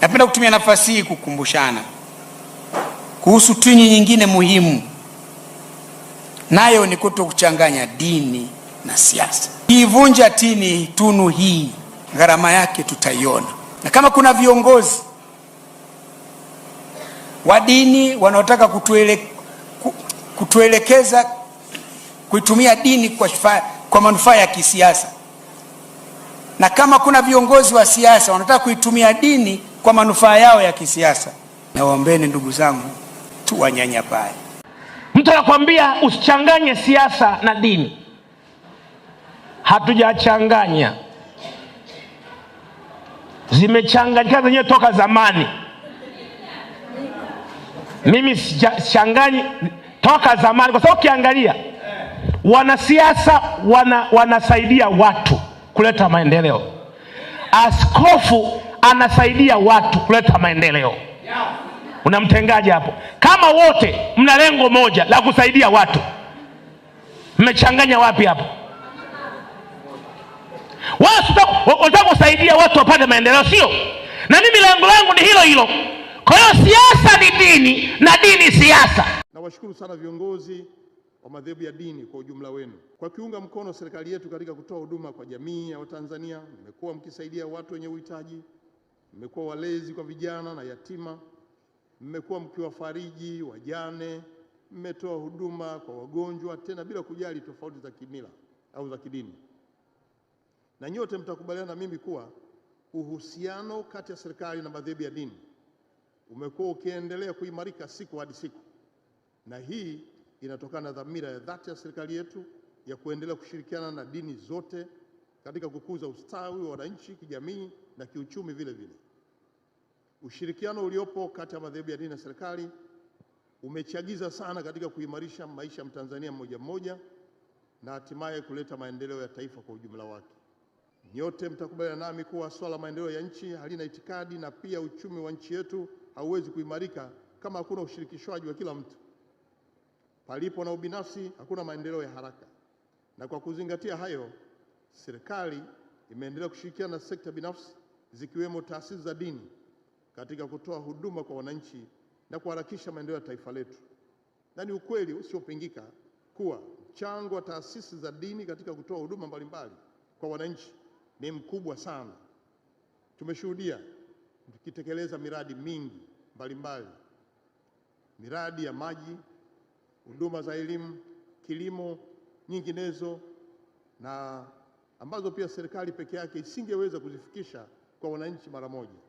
Napenda kutumia nafasi hii kukumbushana kuhusu tini nyingine muhimu, nayo ni kuto kuchanganya dini na siasa. Kiivunja tini tunu hii, gharama yake tutaiona, na kama kuna viongozi wa dini wanaotaka kutuele, kutuelekeza kuitumia dini kwa, kwa manufaa ya kisiasa, na kama kuna viongozi wa siasa wanataka kuitumia dini kwa manufaa yao ya kisiasa. Nawaombeni ndugu zangu, tuwanyanyapae. Mtu anakwambia usichanganye siasa na dini. Hatujachanganya, zimechanganyika zenyewe toka zamani. Mimi sichanganyi toka zamani, kwa sababu ukiangalia wanasiasa wana, wanasaidia watu kuleta maendeleo. Askofu anasaidia watu kuleta maendeleo. Unamtengaje hapo? Kama wote mna lengo moja la kusaidia watu, mmechanganya wapi hapo? Unataka kusaidia watu wapate maendeleo, sio? Na mimi lengo langu ni hilo hilo. Kwa hiyo siasa ni dini na dini siasa. Nawashukuru sana viongozi wa madhehebu ya dini kwa ujumla wenu kwa kiunga mkono serikali yetu katika kutoa huduma kwa jamii ya Watanzania. Mmekuwa mkisaidia watu wenye uhitaji mmekuwa walezi kwa vijana na yatima, mmekuwa mkiwafariji wajane, mmetoa huduma kwa wagonjwa, tena bila kujali tofauti za kimila au za kidini. Na nyote mtakubaliana na mimi kuwa uhusiano kati ya serikali na madhehebu ya dini umekuwa ukiendelea kuimarika siku hadi siku, na hii inatokana na dhamira ya dhati ya serikali yetu ya kuendelea kushirikiana na dini zote katika kukuza ustawi wa wananchi kijamii na kiuchumi vile vile. Ushirikiano uliopo kati ya madhehebu ya dini na serikali umechagiza sana katika kuimarisha maisha ya Mtanzania mmoja mmoja na hatimaye kuleta maendeleo ya taifa kwa ujumla wake. Nyote mtakubaliana nami kuwa swala la maendeleo ya nchi halina itikadi na pia uchumi wa nchi yetu hauwezi kuimarika kama hakuna ushirikishwaji wa kila mtu. Palipo na ubinafsi, hakuna maendeleo ya haraka. Na kwa kuzingatia hayo, serikali imeendelea kushirikiana na sekta binafsi zikiwemo taasisi za dini katika kutoa huduma kwa wananchi na kuharakisha maendeleo ya taifa letu. Na ni ukweli usiopingika kuwa mchango wa taasisi za dini katika kutoa huduma mbalimbali kwa wananchi ni mkubwa sana. Tumeshuhudia tukitekeleza miradi mingi mbalimbali mbali. Miradi ya maji, huduma za elimu, kilimo, nyinginezo na ambazo pia serikali peke yake isingeweza kuzifikisha kwa wananchi mara moja.